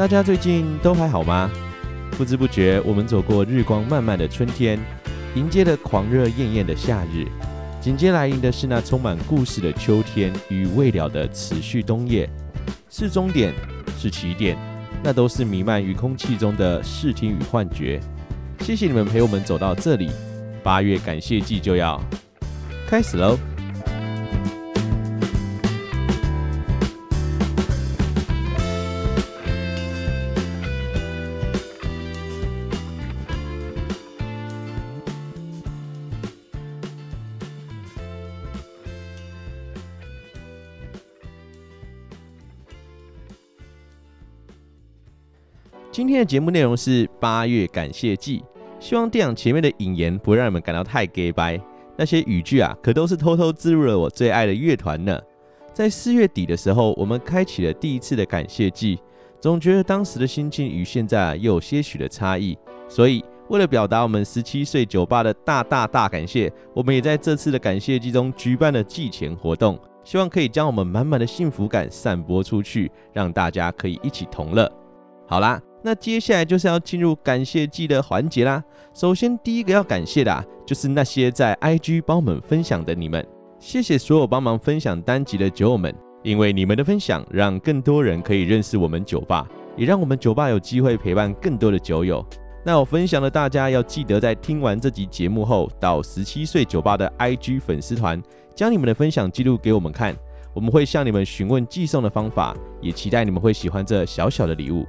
大家最近都還好嗎？不知不覺，我們走過日光漫漫的春天，迎接了狂熱豔豔的夏日，緊接來臨的是那充滿故事的秋天與未了的持續冬夜。是終點，是起點，那都是瀰漫於空氣中的視聽與幻覺。謝謝你們陪我們走到這裡。八月感謝祭就要開始嘍。今天節目內容是八月感謝祭，希望電影前面的引言不會讓你們感到太假掰。那些語句啊，可都是偷偷植入了我最愛的樂團呢。在四月底的時候，我們開啟了第一次的感謝祭，總覺得當時的心情與現在啊，又有些許的差異。所以，為了表達我們十七歲酒吧的大大大感謝，我們也在這次的感謝祭中舉辦了祭前活動，希望可以將我們滿滿的幸福感散播出去，讓大家可以一起同樂。好啦。那接下來就是要進入感謝祭的環節啦。首先，第一個要感謝的，啊，就是那些在 IG 幫我們分享的你們。謝謝所有幫忙分享單集的酒友們，因為你們的分享，讓更多人可以認識我們酒吧，也讓我們酒吧有機會陪伴更多的酒友。那我分享的大家要記得在聽完這集節目後，到十七歲酒吧的 IG 粉絲團，將你們的分享記錄給我們看。我們會向你們詢問寄送的方法，也期待你們會喜歡這小小的禮物。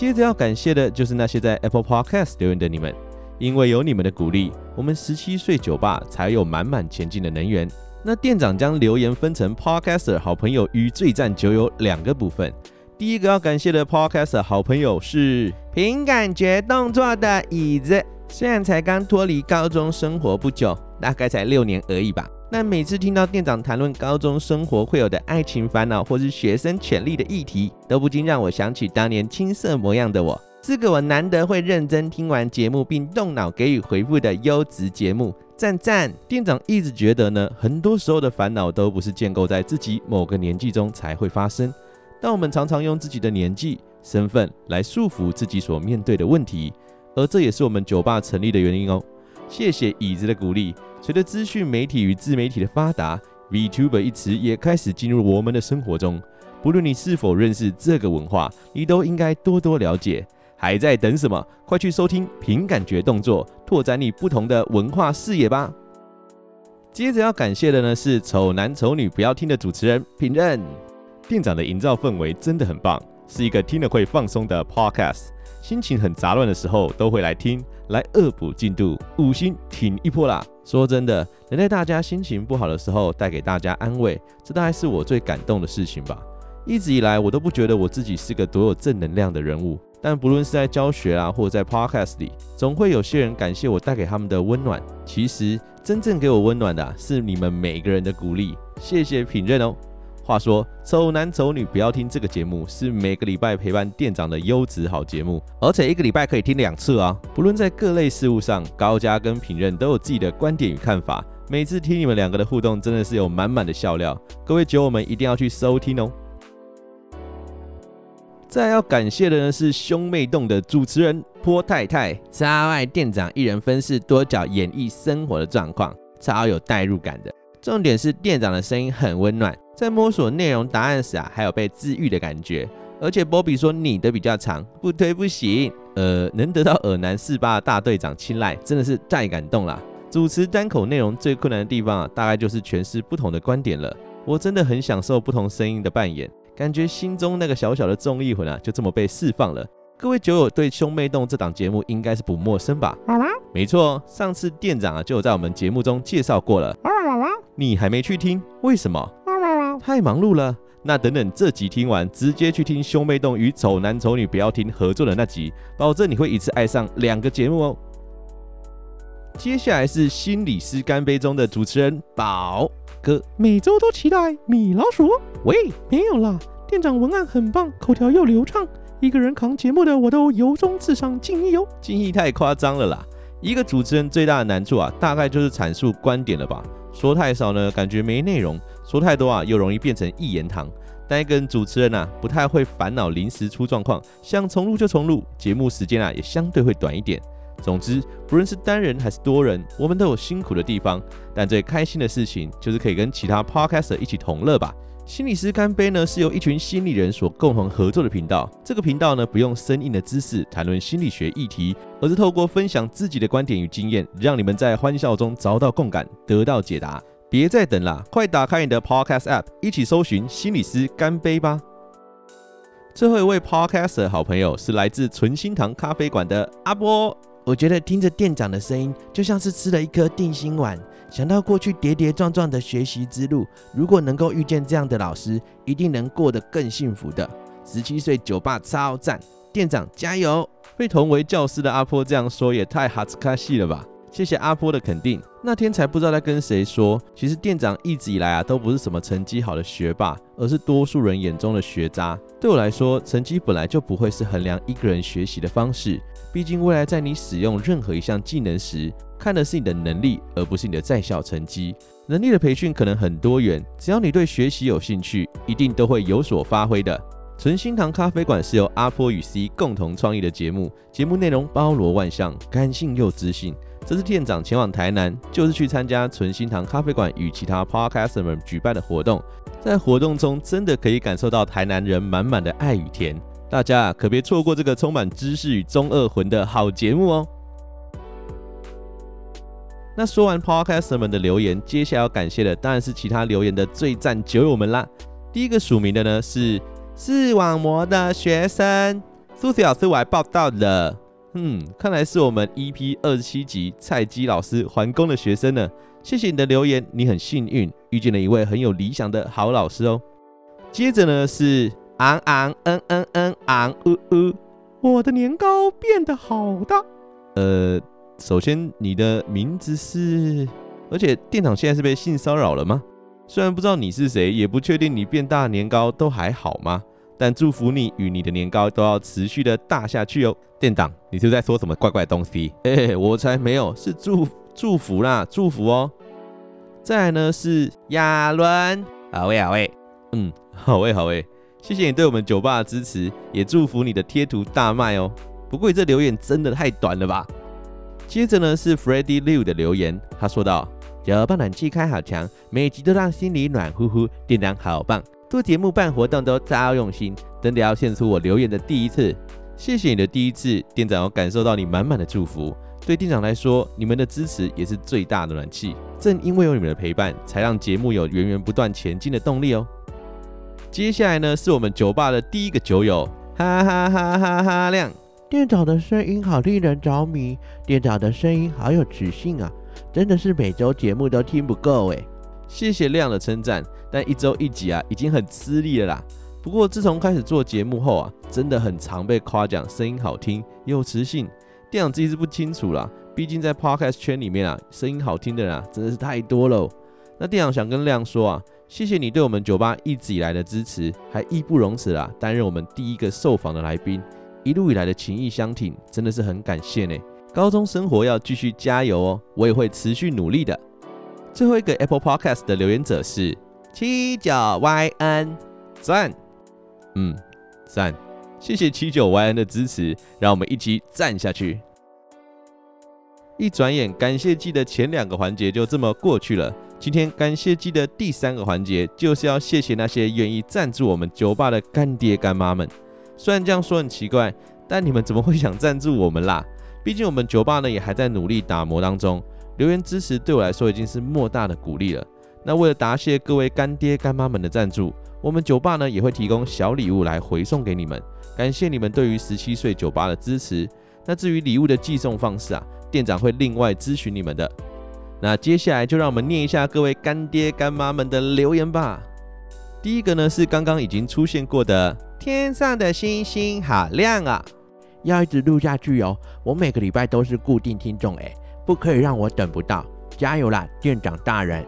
接着要感謝的就是那些在 Apple Podcast 留言的你們，因為有你們的鼓勵，我們拾柒歲酒吧才有滿滿前進的能源。那店長將留言分成 Podcaster 好朋友與最讚酒友兩個部分。第一個要感謝的 Podcaster 好朋友是憑感覺動作的椅子，雖然才剛脫離高中生活不久，大概才六年而已吧。那每次聽到店長談論高中生活會有的愛情煩惱或是學生權利的議題，都不禁讓我想起當年青澀模樣的我。這個我難得會認真聽完節目並動腦給予回復的優質節目，讚讚！店長一直覺得呢，很多時候的煩惱都不是建構在自己某個年紀中才會發生，但我們常常用自己的年紀、身份來束縛自己所面對的問題，而這也是我們酒吧成立的原因哦。謝謝椅子的鼓勵。隨着資訊媒體與自媒體的發達 VTuber 一詞也開始進入我們的生活中。不論你是否認識這個文化，你都應該多多了解。還在等什麼？快去收聽《憑感覺動作》，拓展你不同的文化視野吧！接着要感謝的呢，是醜男醜女不要聽的主持人品任，店長的營造氛圍真的很棒，是一個聽了會放鬆的 Podcast。心情很雜亂的時候都會來聽，來惡補進度。五星挺一波啦！說真的，能在大家心情不好的時候帶給大家安慰，這大概是我最感動的事情吧。一直以來，我都不覺得我自己是個多有正能量的人物，但不論是在教學啊，或者在 podcast 裡，總會有些人感謝我帶給他們的溫暖。其實，真正給我溫暖的是你們每個人的鼓勵，謝謝評論哦。話說，醜男醜女不要聽這個節目，是每個禮拜陪伴店長的優質好節目，而且一個禮拜可以聽兩次啊！不論在各類事務上，高家跟品任都有自己的觀點與看法。每次聽你們兩個的互動，真的是有滿滿的笑料。各位酒友們一定要去收聽哦！再要感謝的呢，是兄妹洞的主持人波太太，超愛店長一人分飾多角演繹生活的狀況，超有代入感的。重點是店長的聲音很溫暖，在摸索內容答案時啊，還有被治癒的感覺。而且波比說你的比較長，不推不行。呃，能得到爾南四八的大隊長青睞，真的是太感動了。主持單口內容最困難的地方啊，大概就是詮釋不同的觀點了。我真的很享受不同聲音的扮演，感覺心中那個小小的綜藝魂啊，就這麼被釋放了。各位酒友對《兄妹洞》這檔節目應該是不陌生吧？啦啦沒錯，上次店長啊就有在我們節目中介紹過了。啦啦啦你還沒去聽？為什麼？啦啦啦。太忙碌了。那等等這集聽完，直接去聽《兄妹洞》與《醜男醜女不要聽》合作的那集，保證你會一次愛上兩個節目哦。接下來是心理師乾杯中的主持人寶哥，每周都期待米老鼠。喂，沒有啦，店長文案很棒，口條又流暢。一個人扛節目的我都由衷致上敬意哦，敬意太誇張了啦。一個主持人最大的難處啊，大概就是闡述觀點了吧。說太少呢，感覺沒內容；說太多啊，又容易變成一言堂。但一個人主持人啊，不太會煩惱臨時出狀況，想重錄就重錄。節目時間啊，也相對會短一點。總之，不論是單人還是多人，我們都有辛苦的地方。但最開心的事情，就是可以跟其他 Podcaster 一起同樂吧。心理師乾杯呢，是由一群心理人所共同合作的頻道。這個頻道呢，不用生硬的知識談論心理學議題，而是透過分享自己的觀點與經驗，讓你們在歡笑中找到共感，得到解答。別再等啦，快打開你的 Podcast app，一起搜尋心理師乾杯吧。最後一位 Podcast 的好朋友是來自純心堂咖啡館的阿波，我覺得聽着店長的聲音，就像是吃了一顆定心丸。想到過去跌跌撞撞的學習之路，如果能夠遇見這樣的老師，一定能過得更幸福的。十七歲酒吧超讚，店長加油！被同為教師的阿坡這樣說，也太 hazukashii 了吧！謝謝阿坡的肯定。那天才不知道在跟誰說，其實店長一直以來啊，都不是什麼成績好的學霸，而是多數人眼中的學渣。對我來說，成績本來就不會是衡量一個人學習的方式。畢竟，未來在你使用任何一項技能時，看的是你的能力，而不是你的在校成績。能力的培訓可能很多元，只要你對學習有興趣，一定都會有所發揮的。純心堂咖啡館是由阿坡與 C 共同創意的節目，節目內容包羅萬象，感性又知性。這次店長前往台南，就是去參加純心堂咖啡館與其他 Podcasters 舉辦的活動，在活動中真的可以感受到台南人滿滿的愛與甜。大家可別錯過這個充滿知識與中二魂的好節目哦！那說完 Podcaster 們的留言，接下來要感謝的當然是其他留言的最讚酒友們啦。第一個署名的呢是視網膜的學生蘇子老師，我還報到了。嗯，看來是我們 EP 二十七集菜雞老師環工的學生呢。謝謝你的留言，你很幸運遇見了一位很有理想的好老師哦。接着呢是。昂昂嗯嗯嗯昂嗚嗚，我的年糕變得好大。呃，首先你的名字是，而且店長現在是被性騷擾了嗎？雖然不知道你是誰，也不確定你變大年糕都還好嗎？但祝福你與你的年糕都要持續的大下去哦。店長，你是不是在說什麼怪怪的東西？嘿、欸，我才沒有，是祝祝福啦，祝福哦。再來呢是亞倫，好喂，好喂，嗯，好喂，好喂。謝謝你對我們酒吧的支持，也祝福你的貼圖大賣哦。不過你這留言真的太短了吧？接着呢是 Freddy Liu 的留言，他說道：“酒吧暖氣開好強，每集都讓心裡暖乎乎。店長好棒，做節目辦活動都超用心，真的要獻出我留言的第一次。謝謝你的第一次，店長我感受到你滿滿的祝福。對店長來說，你們的支持也是最大的暖氣。正因為有你們的陪伴，才讓節目有源源不斷前進的動力哦。”接下來呢，是我們酒吧的第一個酒友，哈哈哈哈哈哈亮！亮店長的聲音好令人着迷，店長的聲音好有磁性啊，真的是每周節目都聽不夠哎、欸。謝謝亮的稱讚，但一周一集啊，已經很吃力了啦。不過自從開始做節目後啊，真的很常被誇獎，聲音好聽，有磁性。店長自己是不清楚啦，畢竟在 podcast 圈裡面啊，聲音好聽的人啊，真的是太多了。那店長想跟亮說啊，謝謝你對我們酒吧一直以來的支持，還義不容辭啦，擔任我們第一個受訪的來賓，一路以來的情義相挺，真的是很感謝呢、欸。高中生活要繼續加油哦，我也會持續努力的。最後一個 Apple Podcast 的留言者是七九 Y N，讚，嗯，讚，謝謝七九 Y N 的支持，讓我們一起讚下去。一轉眼，感謝祭的前兩個環節就這麼過去了。今天感謝祭的第三個環節就是要謝謝那些願意贊助我們酒吧的乾爹乾媽們。雖然這樣說很奇怪，但你們怎麼會想贊助我們啦？畢竟我們酒吧呢也還在努力打磨當中。留言，支持對我來說已經是莫大的鼓勵了。那為了答謝各位乾爹乾媽們的贊助，我們酒吧呢也會提供小禮物來回送給你們。感謝你們對於十七歲酒吧的支持。那至於禮物的寄送方式啊，店長會另外諮詢你們的。那接下來就讓我們念一下各位乾爹乾媽們的留言吧。第一個呢是剛剛已經出現過的，天上的星星好亮啊！要一直錄下去哦，我每個禮拜都是固定聽眾誒、欸，不可以讓我等不到，加油啦，店長大人，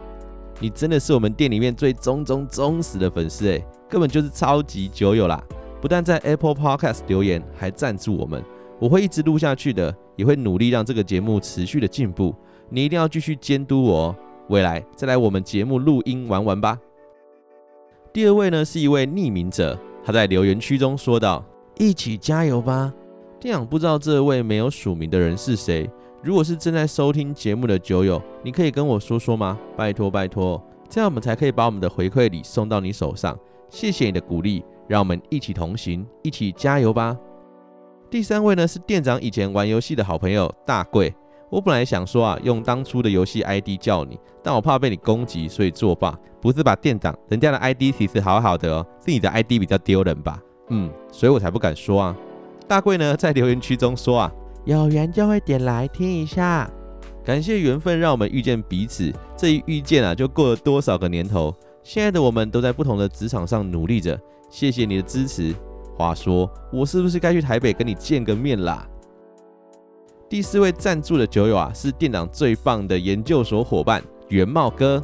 你真的是我們店裡面最忠忠忠實的粉絲誒、欸，根本就是超級酒友啦！不但在 Apple Podcast 留言，還贊助我們，我會一直錄下去的，也會努力讓這個節目持續的進步。你一定要繼續監督我哦，未來再來我們節目錄音玩玩吧。第二位呢是一位匿名者，他在留言區中說道：“一起加油吧！”店長不知道這位沒有署名的人是誰，如果是正在收聽節目的酒友，你可以跟我說說嗎？拜託拜託，這樣我們才可以把我們的回饋禮送到你手上。謝謝你的鼓勵，讓我們一起同行，一起加油吧。第三位呢是店長以前玩遊戲的好朋友大貴。我本來想說啊，用當初的遊戲 ID 叫你，但我怕被你攻擊，所以作罷。不是吧，店長，人家的 ID 其實好好的哦，是你的 ID 比較丟人吧？嗯，所以我才不敢說啊。大貴呢在留言區中說啊，有緣就會點來聽一下，感謝緣分讓我們遇見彼此，這一遇見啊就過了多少個年頭。現在的我們都在不同的職場上努力着，謝謝你的支持。話說我是不是該去台北跟你見個面啦？第四位贊助的酒友啊，是店長最棒的研究所夥伴圓帽哥，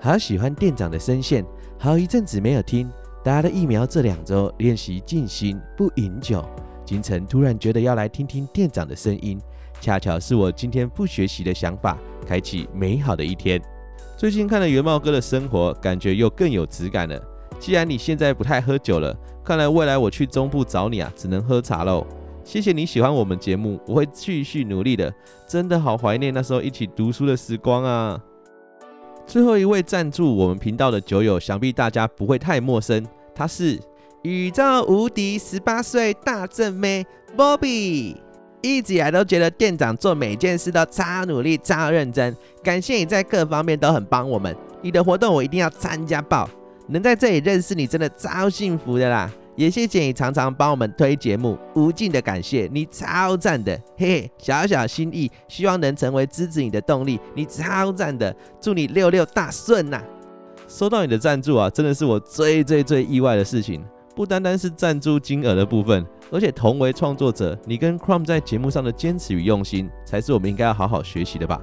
好喜歡店長的聲線，好一陣子沒有聽，打了疫苗這兩周練習靜心不飲酒，今晨突然覺得要來聽聽店長的聲音，恰巧是我今天不學習的想法，開啟美好的一天。最近看了圓帽哥的生活，感覺又更有質感了。既然你現在不太喝酒了，看來未來我去中部找你啊，只能喝茶嘍。謝謝你喜歡我們節目，我會繼續努力的。真的好懷念那時候一起讀書的時光啊！最後一位贊助我們頻道的酒友，想必大家不會太陌生，他是宇宙無敵十八歲大正妹 Bobby。一直以來都覺得店長做每件事都超努力、超認真，感謝你在各方面都很幫我們。你的活動我一定要參加報，能在這裡認識你真的超幸福的啦！也謝謝你常常幫我們推節目，無盡的感謝，你超讚的，嘿嘿，小小心意，希望能成為支持你的動力，你超讚的，祝你六六大順呐、啊！收到你的贊助啊，真的是我最最最意外的事情，不單單是贊助金額的部分，而且同為創作者，你跟 Chrome 在節目上的堅持與用心，才是我們應該要好好學習的吧。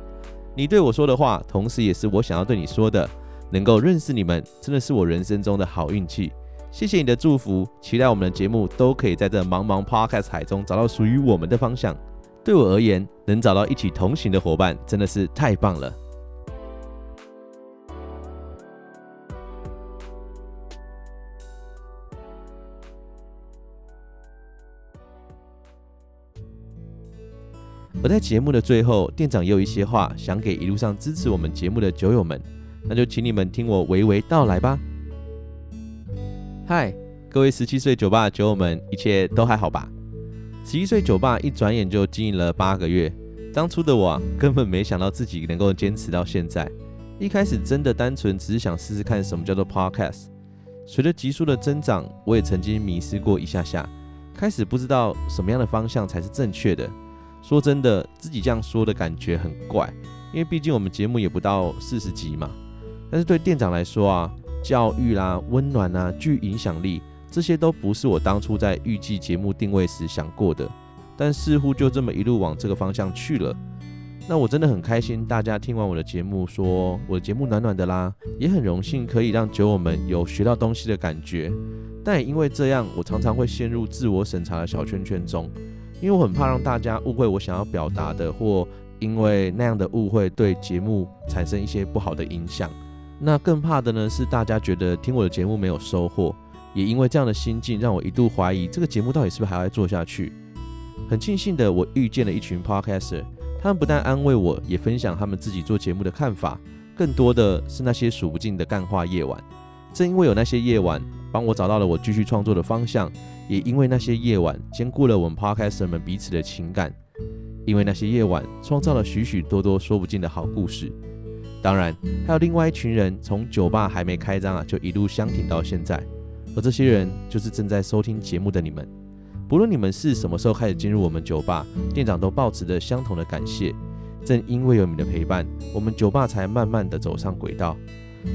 你對我說的話，同時也是我想要對你說的，能夠認識你們，真的是我人生中的好運氣。謝謝你的祝福，期待我們的節目都可以在這茫茫 podcast 海中找到屬於我們的方向。對我而言，能找到一起同行的夥伴，真的是太棒了。而在節目的最後，店長也有一些話想給一路上支持我們節目的酒友們，那就請你們聽我娓娓道來吧。嗨，各位十七歲酒吧的酒友們，一切都還好吧？十七歲酒吧一轉眼就經營了八個月，當初的我、啊、根本沒想到自己能夠堅持到現在。一開始真的單純，只是想試試看什麼叫做 podcast。隨着集數的增長，我也曾經迷失過一下下，開始不知道什麼樣的方向才是正確的。說真的，自己這樣說的感覺很怪，因為畢竟我們節目也不到四十集嘛。但是對店長來說啊。教育啦，啊，溫暖啊，具影響力，這些都不是我當初在預計節目定位時想過的，但似乎就這麼一路往這個方向去了。那我真的很開心，大家聽完我的節目說我的節目暖暖的啦，也很榮幸可以讓酒友們有學到東西的感覺。但也因為這樣，我常常會陷入自我審查的小圈圈中，因為我很怕讓大家誤會我想要表達的，或因為那樣的誤會，對節目產生一些不好的影響。那更怕的呢，是大家覺得聽我的節目沒有收穫，也因為這樣的心境，讓我一度懷疑這個節目到底是不是還要做下去。很慶幸的，我遇見了一群 podcaster，他們不但安慰我，也分享他們自己做節目的看法，更多的是那些數不盡的幹話夜晚。正因為有那些夜晚，幫我找到了我繼續創作的方向，也因為那些夜晚，兼顧了我們 podcaster 們彼此的情感，因為那些夜晚，創造了許許多多說不盡的好故事。當然，還有另外一群人，從酒吧還沒開張啊，就一路相挺到現在。而這些人就是正在收聽節目的你們。不論你們是什麼時候開始進入我們酒吧，店長都保持着相同的感謝。正因為有你的陪伴，我們酒吧才慢慢的走上軌道。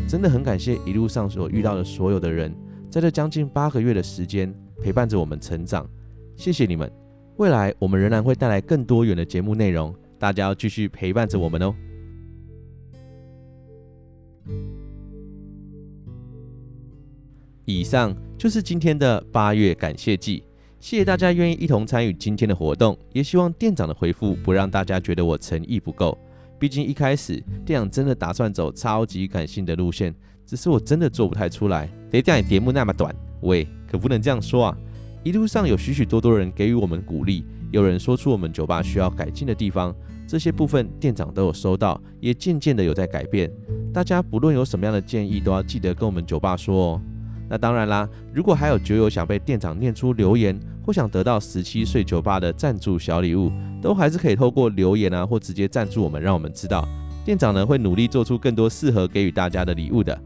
真的很感謝一路上所遇到的所有的人，在這將近八個月的時間，陪伴着我們成長。謝謝你們，未來我們仍然會帶來更多元的節目內容，大家要繼續陪伴着我們哦。以上就是今天的八月感謝祭，謝謝大家願意一同參與今天的活動，也希望店長的回復不讓大家覺得我誠意不夠。畢竟一開始店長真的打算走超級感性的路線，只是我真的做不太出來，得店也節目那麼短。喂，可不能這樣說啊！一路上有許許多多人給予我們鼓勵，有人說出我們酒吧需要改進的地方，這些部分店長都有收到，也漸漸的有在改變。大家不論有什麼樣的建議，都要記得跟我們酒吧說哦。那當然啦，如果還有酒友想被店長念出留言，或想得到十七歲酒吧的贊助小禮物，都還是可以透過留言啊，或直接贊助我們，讓我們知道。店長呢會努力做出更多適合給予大家的禮物的。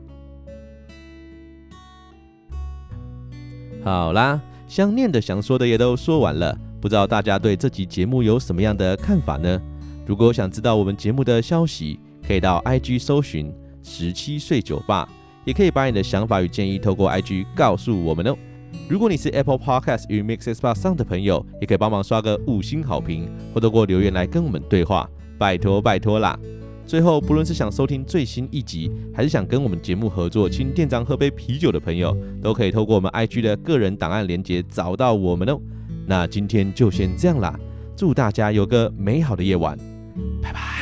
好啦，想念的、想說的也都說完了，不知道大家對這集節目有什麼樣的看法呢？如果想知道我們節目的消息，可以到 IG 搜尋十七歲酒吧。也可以把你的想法與建議透過 I G 告訴我們哦。如果你是 Apple Podcast 與 Mixes 上的朋友，也可以幫忙刷個五星好評，或透過留言來跟我們對話，拜托拜托啦。最後，不論是想收聽最新一集，還是想跟我們節目合作，請店長喝杯啤酒的朋友，都可以透過我們 I G 的個人檔案鏈接找到我們哦。那今天就先這樣啦，祝大家有個美好的夜晚，拜拜。